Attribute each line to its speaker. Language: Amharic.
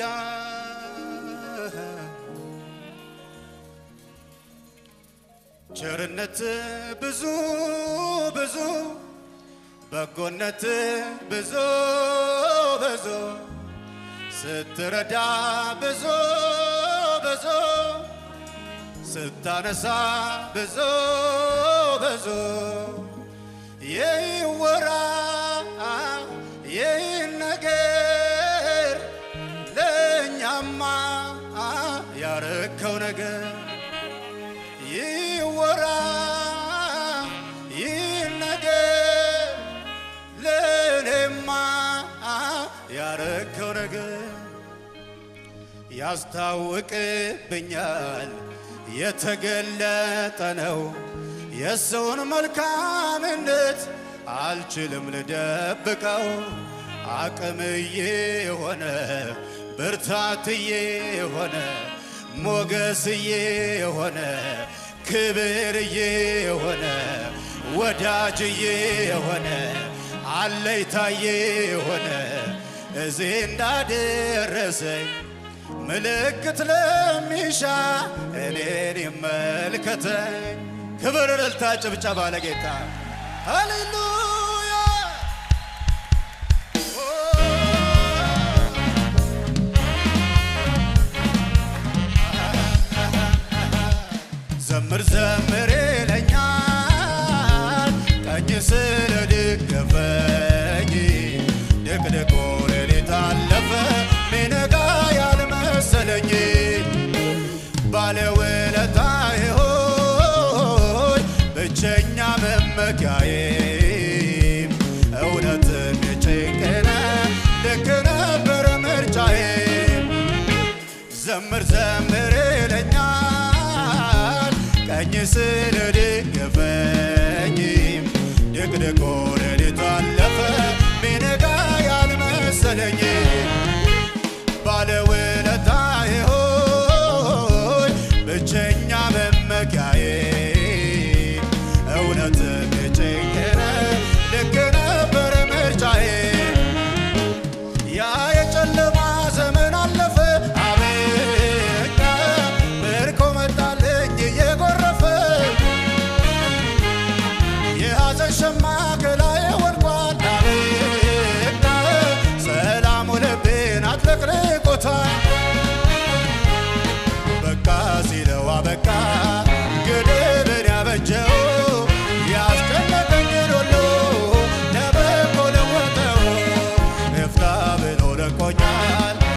Speaker 1: ይላል ቸርነት ብዙ ብዙ በጎነት ብዙ ብዙ ስትረዳ ብዙ ብዙ ስታነሳ ብዙ ብዙ ይህ ወራ ይህ ነገር ነገር ይወራ ይህ ነገር ያረከው ነገር ያስታውቅብኛል። የተገለጠ ነው የሰውን መልካምነት አልችልም ልደብቀው አቅምዬ የሆነ ብርታትዬ የሆነ ሞገስዬ የሆነ ክብርዬ የሆነ ወዳጅዬ የሆነ አለይታዬ የሆነ እዚህ እንዳደረሰኝ ምልክት ለሚሻ እኔን ይመልከተኝ። ክብር ልልታ ጭብጨባ ለጌታ ዘምር ዘምር ይለኛል ጠጅ ድቅድቁ ሌሊት አለፈ ሚነጋ ያልመሰለኝ ባለውለታዬ ሆይ ብቸኛ መመኪያዬ ስለደገፈኝም ድቅድቆ ሌሊቱ አለፈ ቢነጋ ያልመሰለኝ pressure my